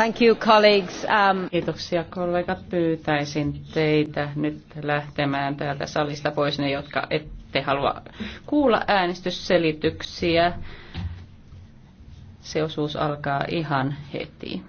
Thank you, colleagues. Um... Kiitoksia kollegat. Pyytäisin teitä nyt lähtemään täältä salista pois ne, jotka ette halua kuulla äänestysselityksiä. Se osuus alkaa ihan heti.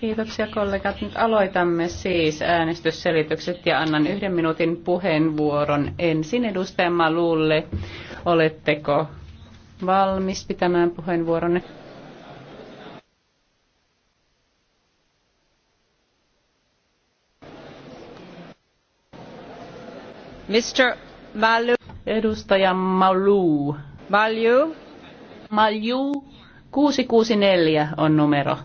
Kiitoksia kollegat. Nyt aloitamme siis äänestysselitykset ja annan yhden minuutin puheenvuoron ensin edustaja Malulle. Oletteko valmis pitämään puheenvuoronne? Mr. Malu. Edustaja Malu. Malu. Malu. 664 on numero.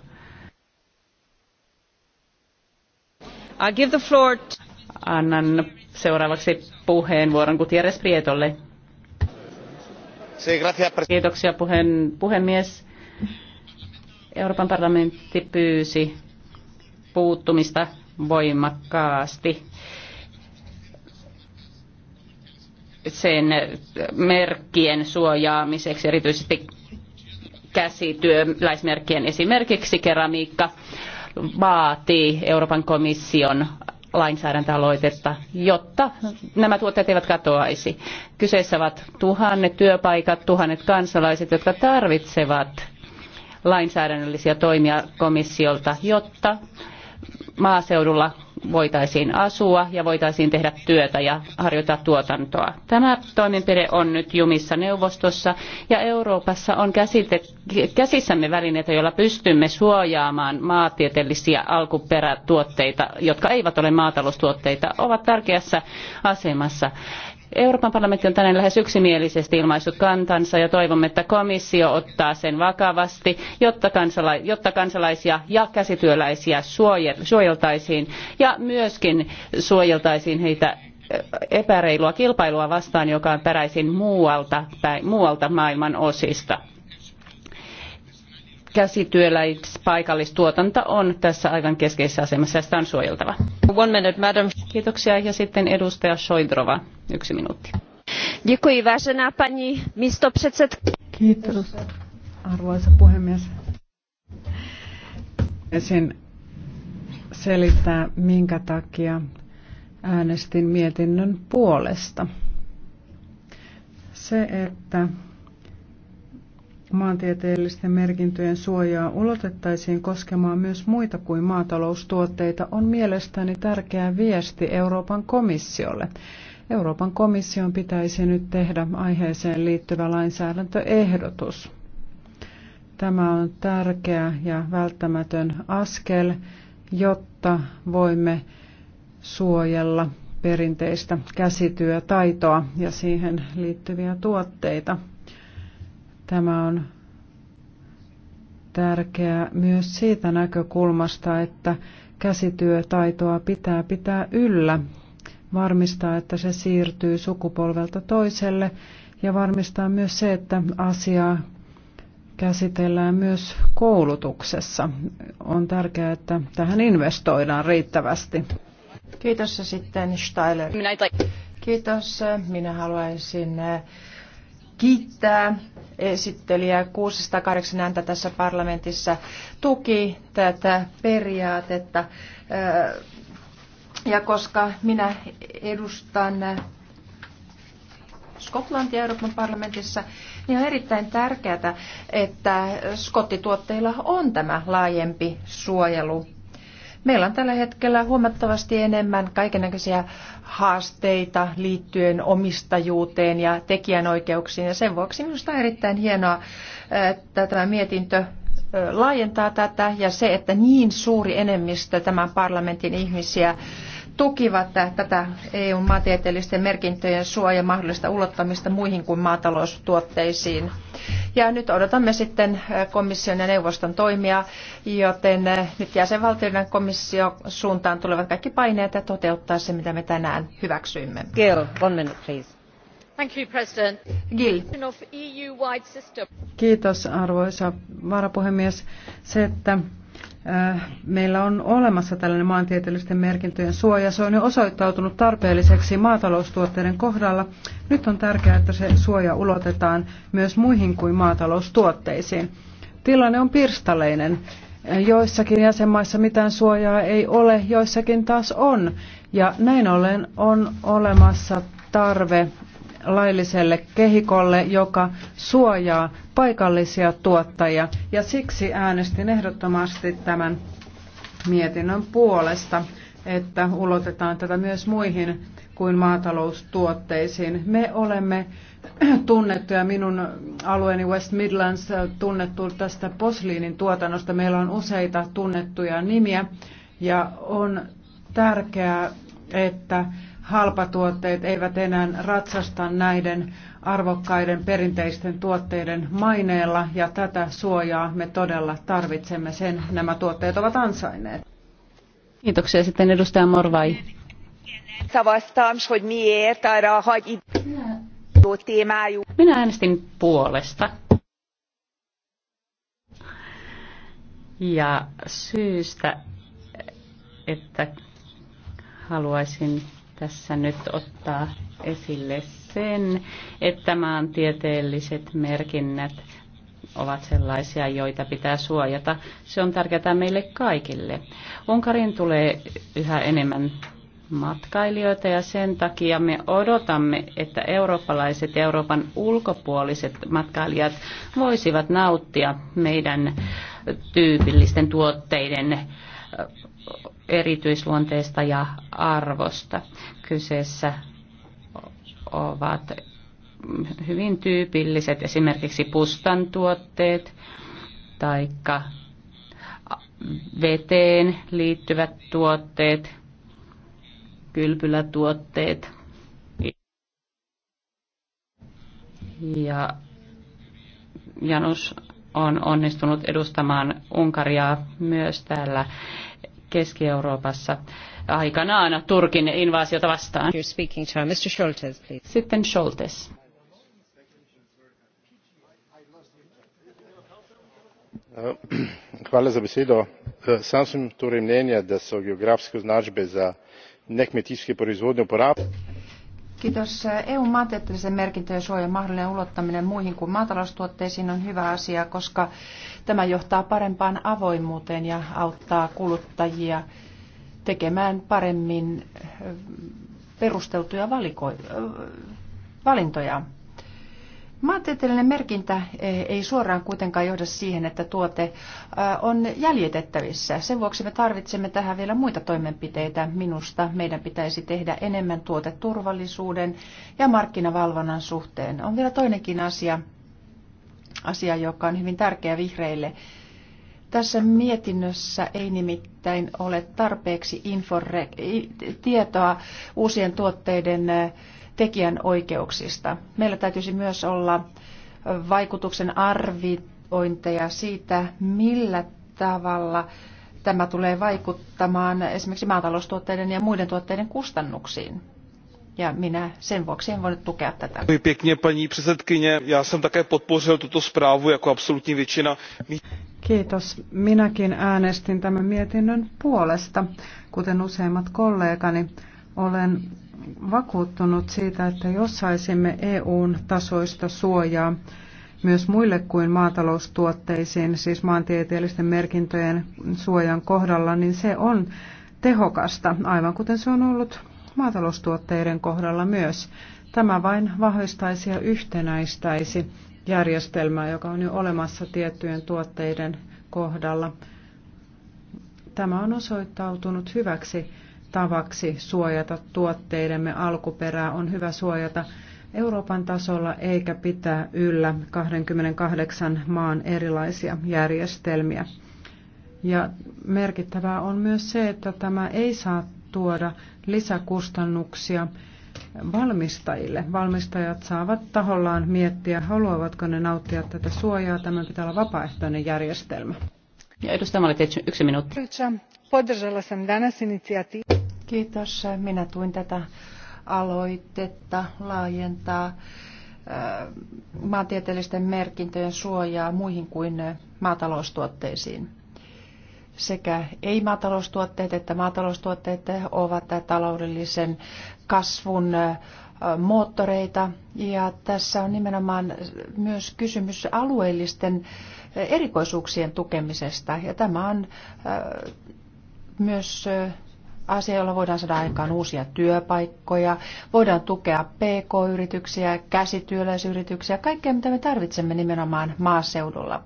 give the floor Annan seuraavaksi puheenvuoron Gutierrez Prietolle. Kiitoksia puheen, puhemies. Euroopan parlamentti pyysi puuttumista voimakkaasti sen merkkien suojaamiseksi, erityisesti käsityöläismerkkien esimerkiksi keramiikka vaatii Euroopan komission lainsäädäntöaloitetta, jotta nämä tuotteet eivät katoaisi. Kyseessä ovat tuhannet työpaikat, tuhannet kansalaiset, jotka tarvitsevat lainsäädännöllisiä toimia komissiolta, jotta maaseudulla voitaisiin asua ja voitaisiin tehdä työtä ja harjoittaa tuotantoa. Tämä toimenpide on nyt jumissa neuvostossa ja Euroopassa on käsite, käsissämme välineitä, joilla pystymme suojaamaan maatieteellisiä alkuperätuotteita, jotka eivät ole maataloustuotteita, ovat tärkeässä asemassa. Euroopan parlamentti on tänään lähes yksimielisesti ilmaissut kantansa ja toivomme, että komissio ottaa sen vakavasti, jotta, kansala- jotta kansalaisia ja käsityöläisiä suojeltaisiin ja myöskin suojeltaisiin heitä eh, epäreilua kilpailua vastaan, joka on peräisin muualta, päin, muualta maailman osista käsityöläis paikallistuotanto on tässä aivan keskeisessä asemassa ja sitä on suojeltava. One minute, madam. Kiitoksia ja sitten edustaja Shoidrova, yksi minuutti. Děkuji, vážená paní místopředsed. Kiitos, arvoisa puhemies. Ensin selittää, minkä takia äänestin mietinnön puolesta. Se, että maantieteellisten merkintöjen suojaa ulotettaisiin koskemaan myös muita kuin maataloustuotteita, on mielestäni tärkeä viesti Euroopan komissiolle. Euroopan komission pitäisi nyt tehdä aiheeseen liittyvä lainsäädäntöehdotus. Tämä on tärkeä ja välttämätön askel, jotta voimme suojella perinteistä käsityötaitoa ja siihen liittyviä tuotteita. Tämä on tärkeää myös siitä näkökulmasta, että käsityötaitoa pitää pitää yllä, varmistaa, että se siirtyy sukupolvelta toiselle ja varmistaa myös se, että asiaa käsitellään myös koulutuksessa. On tärkeää, että tähän investoidaan riittävästi. Kiitos sitten Steiler. Kiitos. Minä haluaisin äh, kiittää esittelijä kahdeksan ääntä tässä parlamentissa tuki tätä periaatetta. Ja koska minä edustan Skotlantia Euroopan parlamentissa, niin on erittäin tärkeää, että skottituotteilla on tämä laajempi suojelu Meillä on tällä hetkellä huomattavasti enemmän kaikenlaisia haasteita liittyen omistajuuteen ja tekijänoikeuksiin. Ja sen vuoksi minusta on erittäin hienoa, että tämä mietintö laajentaa tätä ja se, että niin suuri enemmistö tämän parlamentin ihmisiä tukivat tätä EUn maantieteellisten merkintöjen suojan mahdollista ulottamista muihin kuin maataloustuotteisiin. Ja nyt odotamme sitten äh, komission ja neuvoston toimia, joten äh, nyt jäsenvaltioiden komission suuntaan tulevat kaikki paineet ja toteuttaa se, mitä me tänään hyväksyimme. GIL, one minute, please. Thank you, President. Gill. E Kiitos arvoisa varapuhemies. Se, että Äh, meillä on olemassa tällainen maantieteellisten merkintöjen suoja. Se on jo osoittautunut tarpeelliseksi maataloustuotteiden kohdalla. Nyt on tärkeää, että se suoja ulotetaan myös muihin kuin maataloustuotteisiin. Tilanne on pirstaleinen. Joissakin jäsenmaissa mitään suojaa ei ole, joissakin taas on. Ja näin ollen on olemassa tarve lailliselle kehikolle, joka suojaa paikallisia tuottajia. Ja siksi äänestin ehdottomasti tämän mietinnön puolesta, että ulotetaan tätä myös muihin kuin maataloustuotteisiin. Me olemme tunnettuja, minun alueeni West Midlands tunnettu tästä posliinin tuotannosta. Meillä on useita tunnettuja nimiä ja on tärkeää, että halpatuotteet eivät enää ratsasta näiden arvokkaiden perinteisten tuotteiden maineella ja tätä suojaa me todella tarvitsemme. Sen nämä tuotteet ovat ansainneet. Kiitoksia sitten edustaja Morvai. Minä äänestin puolesta. Ja syystä, että haluaisin tässä nyt ottaa esille sen, että maantieteelliset merkinnät ovat sellaisia, joita pitää suojata. Se on tärkeää meille kaikille. Unkarin tulee yhä enemmän matkailijoita ja sen takia me odotamme, että eurooppalaiset ja Euroopan ulkopuoliset matkailijat voisivat nauttia meidän tyypillisten tuotteiden erityisluonteesta ja arvosta. Kyseessä ovat hyvin tyypilliset esimerkiksi pustan tuotteet tai veteen liittyvät tuotteet, kylpylätuotteet ja Janus on onnistunut edustamaan Unkaria myös täällä Keski-Euroopassa aikanaan Turkin invaasiota vastaan. Sitten Scholtes. E, sam sem torej mnenja da so geografske označbe za nekmetijsko proizvodnjo uporabne. Kiitos. EUn maantieteellisen merkintöjen suojan mahdollinen ulottaminen muihin kuin maataloustuotteisiin on hyvä asia, koska tämä johtaa parempaan avoimuuteen ja auttaa kuluttajia tekemään paremmin perusteltuja valiko- valintoja. Maantieteellinen merkintä eh, ei suoraan kuitenkaan johda siihen, että tuote eh, on jäljitettävissä. Sen vuoksi me tarvitsemme tähän vielä muita toimenpiteitä. Minusta meidän pitäisi tehdä enemmän tuoteturvallisuuden ja markkinavalvonnan suhteen. On vielä toinenkin asia, asia joka on hyvin tärkeä vihreille. Tässä mietinnössä ei nimittäin ole tarpeeksi infore- tietoa uusien tuotteiden eh, tekijän oikeuksista. Meillä täytyisi myös olla vaikutuksen arviointeja siitä, millä tavalla tämä tulee vaikuttamaan esimerkiksi maataloustuotteiden ja muiden tuotteiden kustannuksiin. Ja minä sen vuoksi en voinut tukea tätä. Kiitos. Minäkin äänestin tämän mietinnön puolesta, kuten useimmat kollegani. Olen vakuuttunut siitä, että jos saisimme EUn tasoista suojaa myös muille kuin maataloustuotteisiin, siis maantieteellisten merkintöjen suojan kohdalla, niin se on tehokasta, aivan kuten se on ollut maataloustuotteiden kohdalla myös. Tämä vain vahvistaisi ja yhtenäistäisi järjestelmää, joka on jo olemassa tiettyjen tuotteiden kohdalla. Tämä on osoittautunut hyväksi tavaksi suojata tuotteidemme alkuperää. On hyvä suojata Euroopan tasolla eikä pitää yllä 28 maan erilaisia järjestelmiä. Ja merkittävää on myös se, että tämä ei saa tuoda lisäkustannuksia valmistajille. Valmistajat saavat tahollaan miettiä, haluavatko ne nauttia tätä suojaa. Tämä pitää olla vapaaehtoinen järjestelmä. Ja edustaja Maletic, yksi minuutti. Podržala sam danas inicijatiivu. Kiitos. Minä tuin tätä aloitetta laajentaa äh, maantieteellisten merkintöjen suojaa muihin kuin maataloustuotteisiin. Sekä ei-maataloustuotteet että maataloustuotteet ovat taloudellisen kasvun äh, moottoreita. Ja tässä on nimenomaan myös kysymys alueellisten äh, erikoisuuksien tukemisesta. Ja tämä on myös asia, jolla voidaan saada aikaan uusia työpaikkoja, voidaan tukea pk-yrityksiä, käsityöläisyrityksiä, kaikkea mitä me tarvitsemme nimenomaan maaseudulla.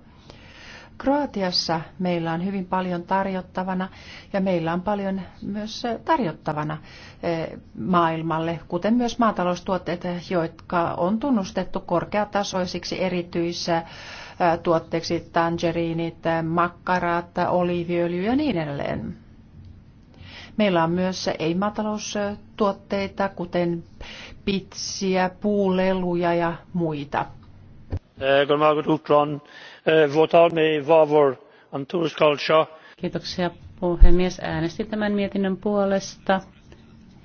Kroatiassa meillä on hyvin paljon tarjottavana ja meillä on paljon myös tarjottavana eh, maailmalle, kuten myös maataloustuotteet, jotka on tunnustettu korkeatasoisiksi erityisissä eh, tuotteiksi, tangeriinit, makkarat, oliiviöljy ja niin edelleen. Meillä on myös ei-maataloustuotteita, kuten pitsiä, puuleluja ja muita. Kiitoksia puhemies. Äänestin tämän mietinnön puolesta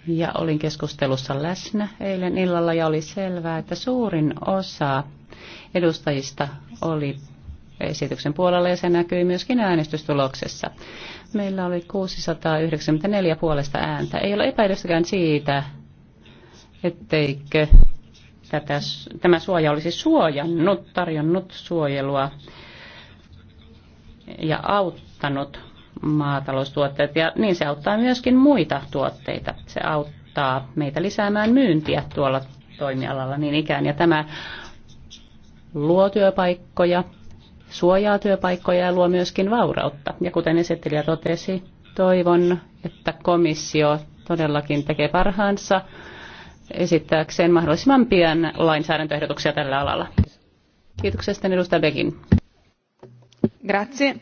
ja olin keskustelussa läsnä eilen illalla ja oli selvää, että suurin osa edustajista oli esityksen puolella ja se näkyi myöskin äänestystuloksessa. Meillä oli 694 puolesta ääntä. Ei ole epäilystäkään siitä, etteikö tätä, tämä suoja olisi suojannut, tarjonnut suojelua ja auttanut maataloustuotteet. Ja niin se auttaa myöskin muita tuotteita. Se auttaa meitä lisäämään myyntiä tuolla toimialalla niin ikään. Ja tämä luo työpaikkoja suojaa työpaikkoja ja luo myöskin vaurautta. Ja kuten esittelijä totesi, toivon, että komissio todellakin tekee parhaansa esittääkseen mahdollisimman pian lainsäädäntöehdotuksia tällä alalla. Kiitoksia sitten edustaja Begin. Grazie.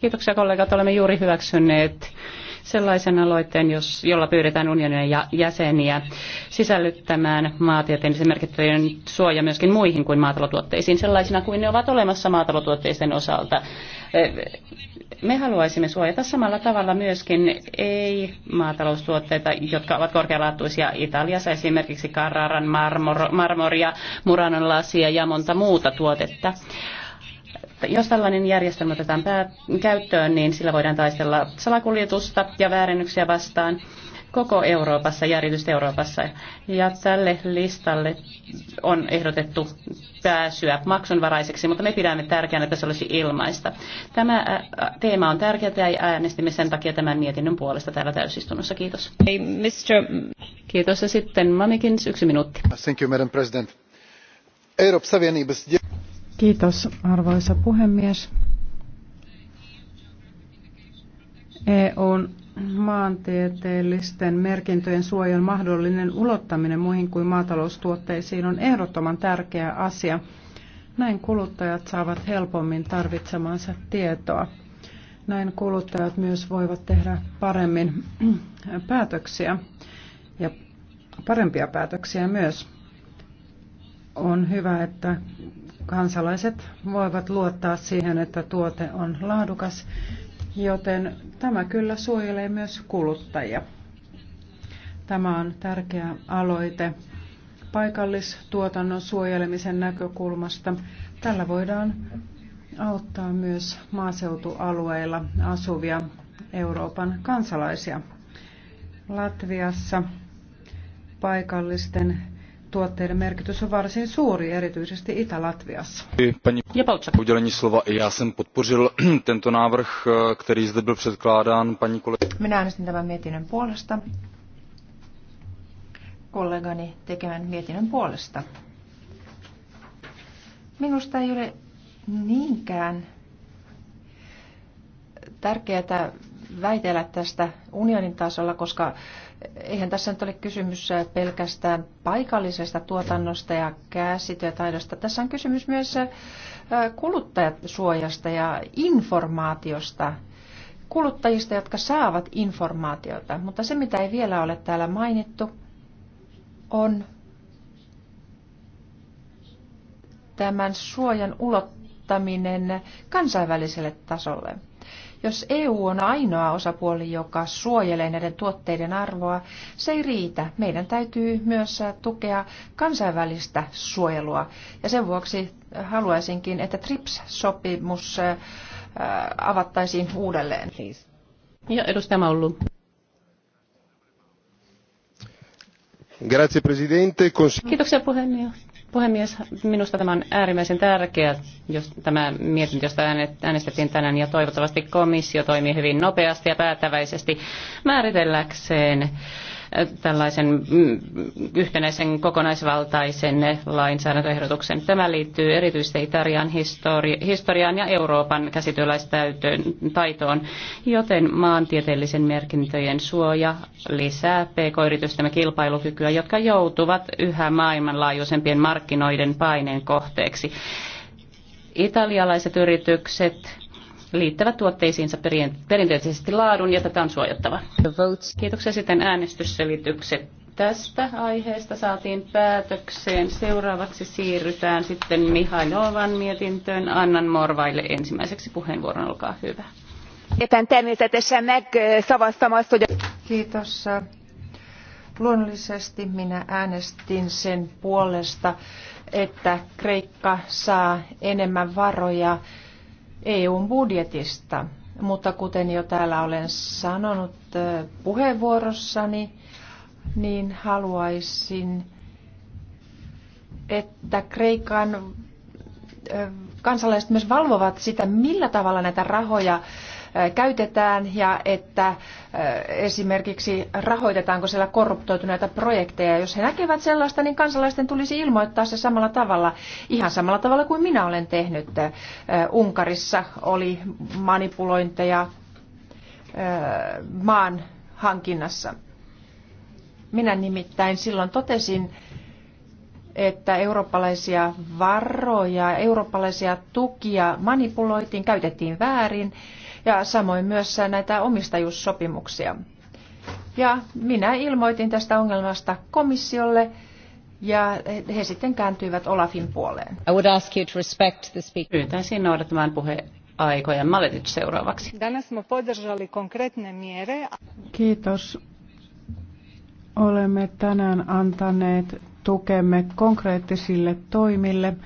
Kiitoksia kollegat, olemme juuri hyväksyneet sellaisen aloitteen, jos, jolla pyydetään unionin ja jäseniä sisällyttämään maatieteellisen merkittävien suoja myöskin muihin kuin maatalotuotteisiin, sellaisina kuin ne ovat olemassa maatalotuotteisten osalta. Eh, me haluaisimme suojata samalla tavalla myöskin ei-maataloustuotteita, jotka ovat korkealaatuisia Italiassa, esimerkiksi Carraran marmoria, Muranon lasia ja monta muuta tuotetta jos tällainen järjestelmä otetaan pää- käyttöön, niin sillä voidaan taistella salakuljetusta ja väärennyksiä vastaan koko Euroopassa ja Euroopassa. Ja tälle listalle on ehdotettu pääsyä maksunvaraiseksi, mutta me pidämme tärkeänä, että se olisi ilmaista. Tämä teema on tärkeä ja äänestimme sen takia tämän mietinnön puolesta täällä täysistunnossa. Kiitos. Hey, Mr. Kiitos ja sitten Mamikins yksi minuutti. Thank you, Madam President. Europe savienības... Kiitos arvoisa puhemies. EUn maantieteellisten merkintöjen suojan mahdollinen ulottaminen muihin kuin maataloustuotteisiin on ehdottoman tärkeä asia. Näin kuluttajat saavat helpommin tarvitsemansa tietoa. Näin kuluttajat myös voivat tehdä paremmin päätöksiä ja parempia päätöksiä myös. On hyvä, että kansalaiset voivat luottaa siihen, että tuote on laadukas, joten tämä kyllä suojelee myös kuluttajia. Tämä on tärkeä aloite paikallistuotannon suojelemisen näkökulmasta. Tällä voidaan auttaa myös maaseutualueilla asuvia Euroopan kansalaisia. Latviassa paikallisten tuotteiden merkitys on varsin suuri, erityisesti Itä-Latviassa. Eh, Minä äänestin tämän mietinnön puolesta. Kollegani tekemän mietinnön puolesta. Minusta ei ole niinkään tärkeää väitellä tästä unionin tasolla, koska eihän tässä nyt ole kysymys pelkästään paikallisesta tuotannosta ja käsityötaidosta. Tässä on kysymys myös äh, kuluttajasuojasta ja informaatiosta, kuluttajista, jotka saavat informaatiota. Mutta se, mitä ei vielä ole täällä mainittu, on tämän suojan ulottaminen kansainväliselle tasolle – jos EU on ainoa osapuoli, joka suojelee näiden tuotteiden arvoa, se ei riitä. Meidän täytyy myös tukea kansainvälistä suojelua. Ja sen vuoksi haluaisinkin, että TRIPS-sopimus äh, avattaisiin uudelleen. Ja edustaja Maullu. Kiitoksia puhemies Puhemies, minusta tämä on äärimmäisen tärkeä, jos tämä mietintö, josta äänestettiin tänään, ja toivottavasti komissio toimii hyvin nopeasti ja päättäväisesti määritelläkseen tällaisen mm, yhtenäisen kokonaisvaltaisen lainsäädäntöehdotuksen. Tämä liittyy erityisesti Italian histori- historiaan ja Euroopan taitoon, joten maantieteellisen merkintöjen suoja lisää pk yritystämme kilpailukykyä, jotka joutuvat yhä maailmanlaajuisempien markkinoiden paineen kohteeksi. Italialaiset yritykset liittävät tuotteisiinsa perinteisesti laadun ja tätä on suojattava. Kiitoksia sitten äänestysselitykset tästä aiheesta saatiin päätökseen. Seuraavaksi siirrytään sitten Mihailovan mietintöön. Annan Morvaille ensimmäiseksi puheenvuoron. Olkaa hyvä. Äh, Kiitos. Luonnollisesti minä äänestin sen puolesta, että Kreikka saa enemmän varoja eu budjetista. Mutta kuten jo täällä olen sanonut puheenvuorossani, niin haluaisin, että Kreikan kansalaiset myös valvovat sitä, millä tavalla näitä rahoja käytetään ja että esimerkiksi rahoitetaanko siellä korruptoituneita projekteja. Jos he näkevät sellaista, niin kansalaisten tulisi ilmoittaa se samalla tavalla, ihan samalla tavalla kuin minä olen tehnyt. Unkarissa oli manipulointeja maan hankinnassa. Minä nimittäin silloin totesin, että eurooppalaisia varoja, eurooppalaisia tukia manipuloitiin, käytettiin väärin ja samoin myös näitä omistajuussopimuksia. Ja minä ilmoitin tästä ongelmasta komissiolle ja he sitten kääntyivät Olafin puoleen. I would ask you to respect the speaker. Pyytäisin noudattamaan puheaikoja. Maletic seuraavaksi. Kiitos. Olemme tänään antaneet tukemme konkreettisille toimille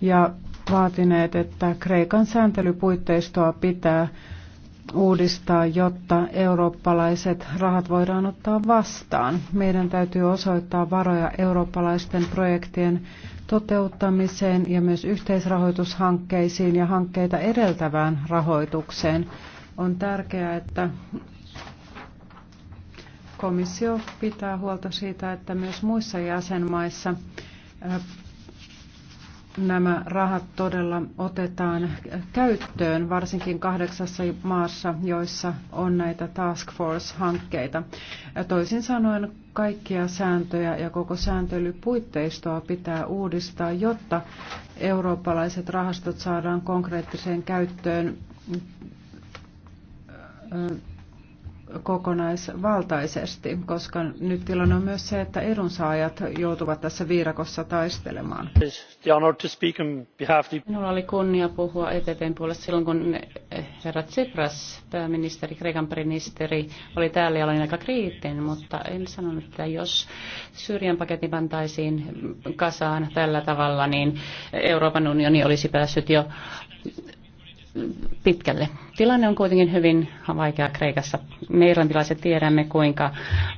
ja vaatineet, että Kreikan sääntelypuitteistoa pitää uudistaa, jotta eurooppalaiset rahat voidaan ottaa vastaan. Meidän täytyy osoittaa varoja eurooppalaisten projektien toteuttamiseen ja myös yhteisrahoitushankkeisiin ja hankkeita edeltävään rahoitukseen. On tärkeää, että komissio pitää huolta siitä, että myös muissa jäsenmaissa nämä rahat todella otetaan käyttöön, varsinkin kahdeksassa maassa, joissa on näitä task force-hankkeita. Toisin sanoen kaikkia sääntöjä ja koko sääntelypuitteistoa pitää uudistaa, jotta eurooppalaiset rahastot saadaan konkreettiseen käyttöön kokonaisvaltaisesti, koska nyt tilanne on myös se, että edunsaajat joutuvat tässä viirakossa taistelemaan. Minulla oli kunnia puhua ETTn puolesta silloin, kun eh, herra Tsipras, pääministeri, Kreikan pääministeri, oli täällä ja olin aika kriittinen, mutta en sanonut, että jos Syyrian paketti pantaisiin kasaan tällä tavalla, niin Euroopan unioni olisi päässyt jo pitkälle. Tilanne on kuitenkin hyvin vaikea Kreikassa. Me irlantilaiset tiedämme, kuinka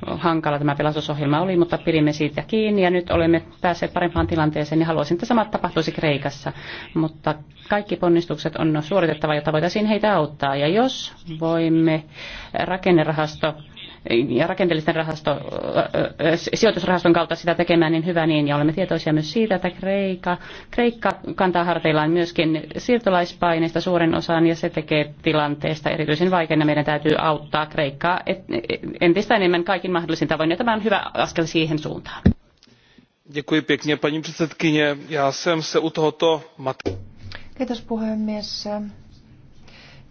hankala tämä pelastusohjelma oli, mutta pidimme siitä kiinni ja nyt olemme päässeet parempaan tilanteeseen ja haluaisin, että samat tapahtuisi Kreikassa. Mutta kaikki ponnistukset on suoritettava, jotta voitaisiin heitä auttaa. Ja jos voimme rakennerahasto ja rakenteellisten rahasto, sijoitusrahaston kautta sitä tekemään, niin hyvä niin. Ja olemme tietoisia myös siitä, että Kreikka, Kreikka kantaa harteillaan myöskin siirtolaispaineista suuren osan ja se tekee tilanteesta erityisen vaikeana. Meidän täytyy auttaa Kreikkaa entistä enemmän kaikin mahdollisin tavoin ja tämä on hyvä askel siihen suuntaan. paní předsedkyně. Já jsem se u tohoto mat... Kiitos puhemies.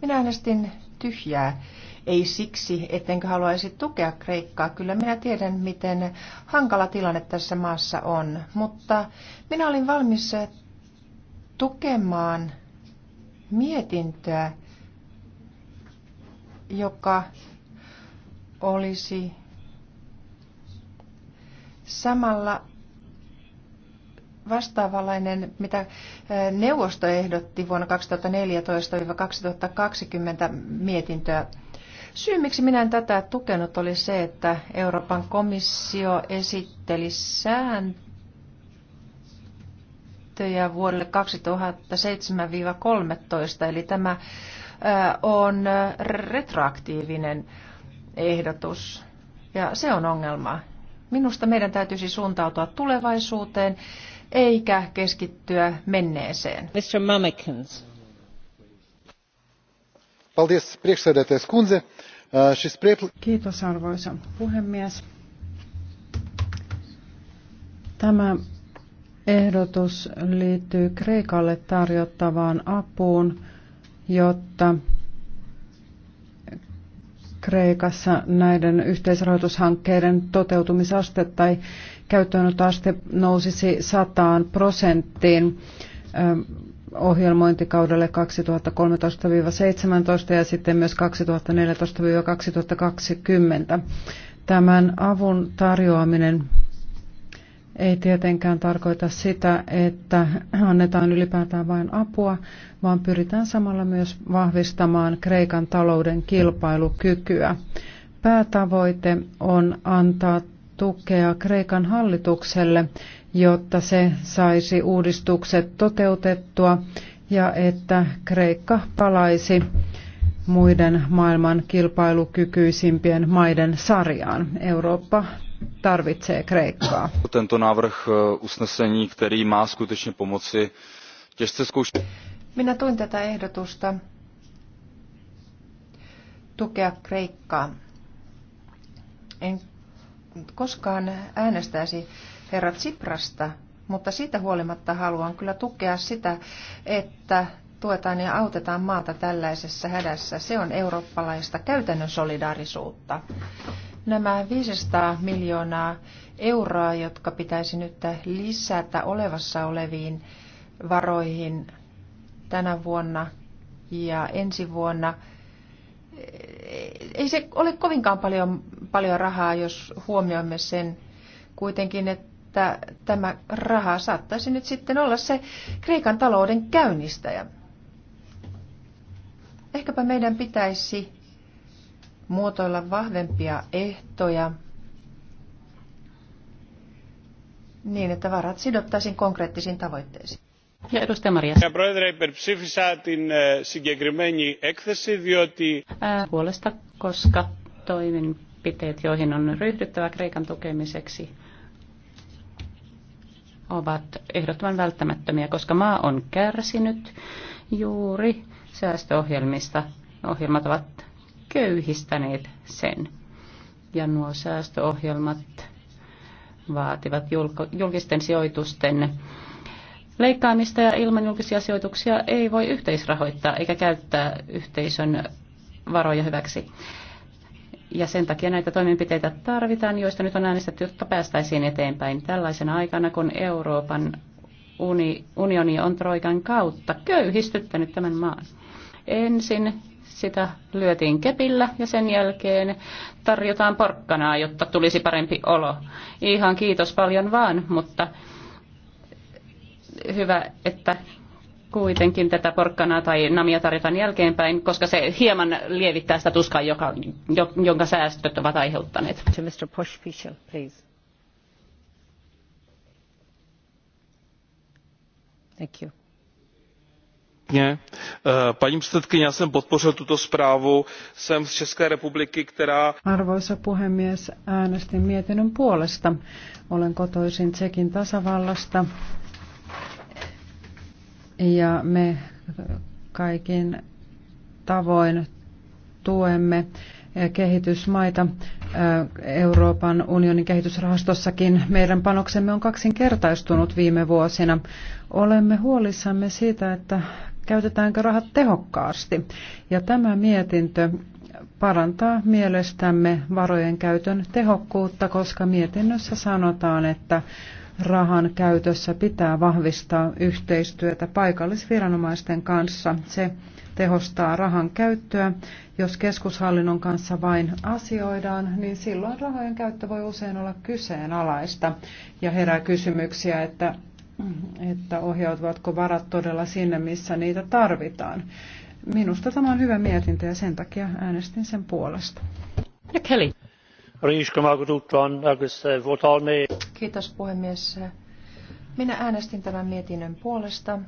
Minä äänestin tyhjää ei siksi, ettenkö haluaisi tukea Kreikkaa. Kyllä minä tiedän, miten hankala tilanne tässä maassa on. Mutta minä olin valmis tukemaan mietintöä, joka olisi samalla vastaavanlainen, mitä neuvosto ehdotti vuonna 2014-2020 mietintöä Syy, miksi minä en tätä tukenut, oli se, että Euroopan komissio esitteli sääntöjä vuodelle 2007 2013, eli tämä on retroaktiivinen ehdotus, ja se on ongelma. Minusta meidän täytyisi suuntautua tulevaisuuteen, eikä keskittyä menneeseen. Mr. Uh, arvoisa puhemies. Tämä ehdotus liittyy Kreikalle tarjottavaan apuun, jotta Kreikassa näiden yhteisrahoitushankkeiden toteutumisaste tai käyttöönottoaste nousisi sataan prosenttiin ohjelmointikaudelle 2013-2017 ja sitten myös 2014-2020. Tämän avun tarjoaminen ei tietenkään tarkoita sitä, että annetaan ylipäätään vain apua, vaan pyritään samalla myös vahvistamaan Kreikan talouden kilpailukykyä. Päätavoite on antaa tukea Kreikan hallitukselle, jotta se saisi uudistukset toteutettua ja että Kreikka palaisi muiden maailman kilpailukykyisimpien maiden sarjaan. Eurooppa tarvitsee Kreikkaa. Tento návrh eh, usnesení, který má skutečně pomoci těžce zkouš- Minä tuin tätä ehdotusta tukea Kreikkaa. En koskaan äänestäisi herra Tsiprasta, mutta siitä huolimatta haluan kyllä tukea sitä, että tuetaan ja autetaan maata tällaisessa hädässä. Se on eurooppalaista käytännön solidaarisuutta. Nämä 500 miljoonaa euroa, jotka pitäisi nyt lisätä olevassa oleviin varoihin tänä vuonna ja ensi vuonna, ei se ole kovinkaan paljon, paljon rahaa, jos huomioimme sen kuitenkin, että että tämä raha saattaisi nyt sitten olla se Kreikan talouden käynnistäjä. Ehkäpä meidän pitäisi muotoilla vahvempia ehtoja niin, että varat sidottaisiin konkreettisiin tavoitteisiin. Ja edustaja Maria. Ja πρόεδρε, υπερψήφισα Puolesta, koska toimenpiteet, joihin on ryhdyttävä Kreikan tukemiseksi, ovat ehdottoman välttämättömiä, koska maa on kärsinyt juuri säästöohjelmista. Ohjelmat ovat köyhistäneet sen. Ja nuo säästöohjelmat vaativat julkisten sijoitusten leikkaamista ja ilman julkisia sijoituksia ei voi yhteisrahoittaa eikä käyttää yhteisön varoja hyväksi. Ja sen takia näitä toimenpiteitä tarvitaan, joista nyt on äänestetty, jotta päästäisiin eteenpäin tällaisena aikana, kun Euroopan uni, unioni on Troikan kautta köyhistyttänyt tämän maan. Ensin sitä lyötiin kepillä ja sen jälkeen tarjotaan porkkanaa, jotta tulisi parempi olo. Ihan kiitos paljon vaan, mutta hyvä, että kuitenkin tätä porkkanaa tai namia tarjotaan jälkeenpäin, koska se hieman lievittää sitä tuskaa, joka, jonka säästöt ovat aiheuttaneet. Mr. Poshpichel, please. Thank you eh, paní předsedající já jsem podpořil tuto zprávu jsem z české republiky která. arvoisa puhemies äänestin mietinnön puolesta. olen kotoisin tsekin tasavallasta ja me kaikin tavoin tuemme kehitysmaita Euroopan unionin kehitysrahastossakin. Meidän panoksemme on kaksinkertaistunut viime vuosina. Olemme huolissamme siitä, että käytetäänkö rahat tehokkaasti. Ja tämä mietintö parantaa mielestämme varojen käytön tehokkuutta, koska mietinnössä sanotaan, että rahan käytössä pitää vahvistaa yhteistyötä paikallisviranomaisten kanssa. Se tehostaa rahan käyttöä. Jos keskushallinnon kanssa vain asioidaan, niin silloin rahojen käyttö voi usein olla kyseenalaista ja herää kysymyksiä, että, että ohjautuvatko varat todella sinne, missä niitä tarvitaan. Minusta tämä on hyvä mietintö ja sen takia äänestin sen puolesta. Ja Kelly. Kiitos puhemies. Minä äänestin tämän mietinnön puolesta.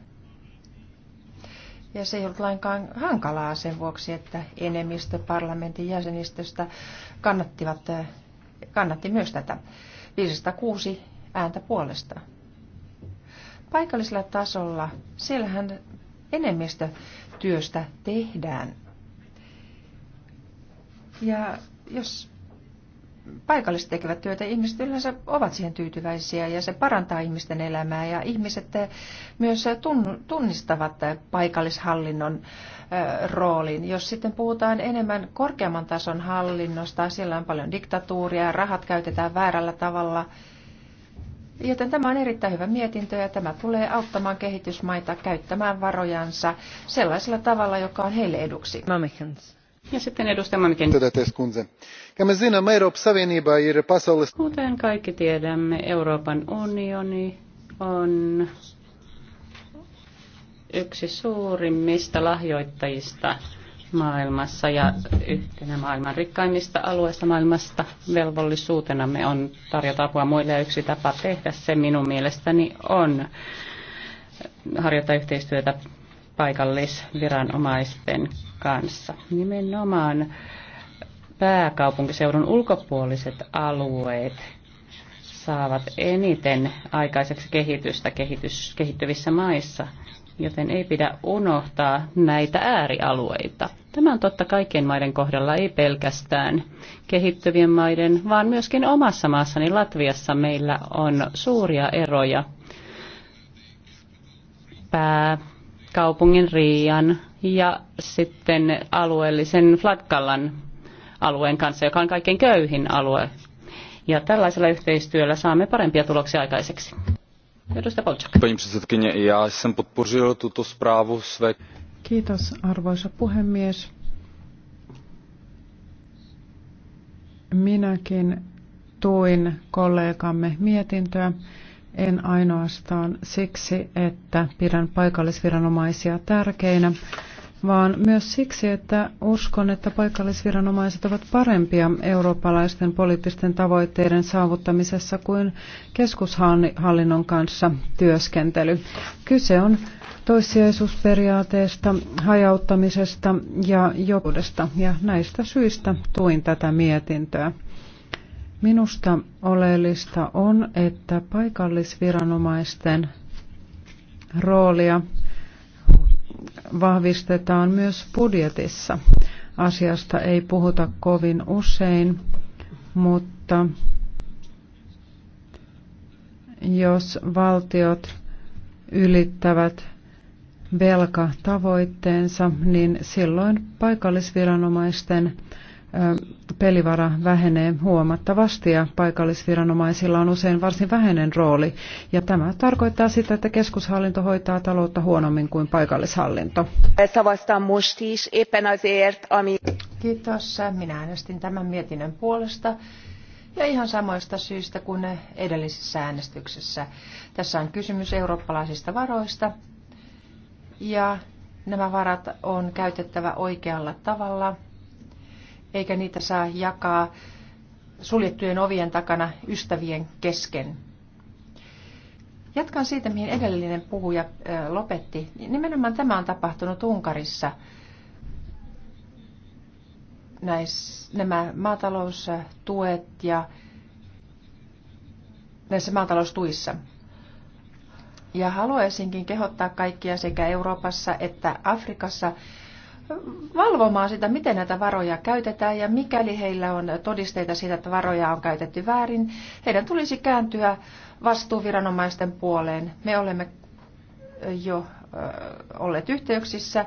Ja se ei ollut lainkaan hankalaa sen vuoksi, että enemmistö parlamentin jäsenistöstä kannattivat, kannatti myös tätä 506 ääntä puolesta. Paikallisella tasolla siellähän enemmistö työstä tehdään. Ja jos paikalliset tekevät työtä, ihmiset yleensä ovat siihen tyytyväisiä ja se parantaa ihmisten elämää ja ihmiset eh, myös tunnistavat eh, paikallishallinnon eh, roolin. Jos sitten puhutaan enemmän korkeamman tason hallinnosta, siellä on paljon diktatuuria, rahat käytetään väärällä tavalla, Joten tämä on erittäin hyvä mietintö ja tämä tulee auttamaan kehitysmaita käyttämään varojansa sellaisella tavalla, joka on heille eduksi. Mamikens. Kuten kaikki tiedämme, Euroopan unioni on yksi suurimmista lahjoittajista maailmassa ja yhtenä maailman rikkaimmista alueista maailmasta velvollisuutenamme on tarjota apua muille ja yksi tapa tehdä se minun mielestäni on harjoittaa yhteistyötä paikallisviranomaisten kanssa. Nimenomaan pääkaupunkiseudun ulkopuoliset alueet saavat eniten aikaiseksi kehitystä kehitys, kehittyvissä maissa, joten ei pidä unohtaa näitä äärialueita. Tämä on totta kaikkien maiden kohdalla, ei pelkästään kehittyvien maiden, vaan myöskin omassa maassani Latviassa meillä on suuria eroja pää, kaupungin Riian ja sitten alueellisen Flatkallan alueen kanssa, joka on kaikkein köyhin alue. Ja tällaisella yhteistyöllä saamme parempia tuloksia aikaiseksi. Kiitos, arvoisa puhemies. Minäkin tuin kollegamme mietintöä en ainoastaan siksi, että pidän paikallisviranomaisia tärkeinä, vaan myös siksi, että uskon, että paikallisviranomaiset ovat parempia eurooppalaisten poliittisten tavoitteiden saavuttamisessa kuin keskushallinnon kanssa työskentely. Kyse on toissijaisuusperiaateesta, hajauttamisesta ja jokuudesta, ja näistä syistä tuin tätä mietintöä. Minusta oleellista on, että paikallisviranomaisten roolia vahvistetaan myös budjetissa. Asiasta ei puhuta kovin usein, mutta jos valtiot ylittävät velkatavoitteensa, niin silloin paikallisviranomaisten pelivara vähenee huomattavasti ja paikallisviranomaisilla on usein varsin vähäinen rooli. Ja tämä tarkoittaa sitä, että keskushallinto hoitaa taloutta huonommin kuin paikallishallinto. Kiitos. Minä äänestin tämän mietinnön puolesta. Ja ihan samoista syistä kuin edellisessä äänestyksessä. Tässä on kysymys eurooppalaisista varoista. Ja nämä varat on käytettävä oikealla tavalla – eikä niitä saa jakaa suljettujen ovien takana ystävien kesken. Jatkan siitä, mihin edellinen puhuja lopetti. Nimenomaan tämä on tapahtunut Unkarissa. Näis, nämä maataloustuet ja näissä maataloustuissa. Ja haluaisinkin kehottaa kaikkia sekä Euroopassa että Afrikassa valvomaan sitä, miten näitä varoja käytetään ja mikäli heillä on todisteita siitä, että varoja on käytetty väärin, heidän tulisi kääntyä vastuuviranomaisten puoleen. Me olemme jo olleet yhteyksissä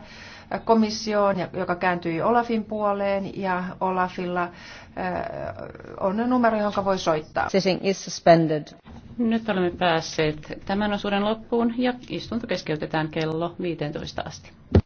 komissioon, joka kääntyi Olafin puoleen ja Olafilla on numero, jonka voi soittaa. Is suspended. Nyt olemme päässeet tämän osuuden loppuun ja istunto keskeytetään kello 15 asti.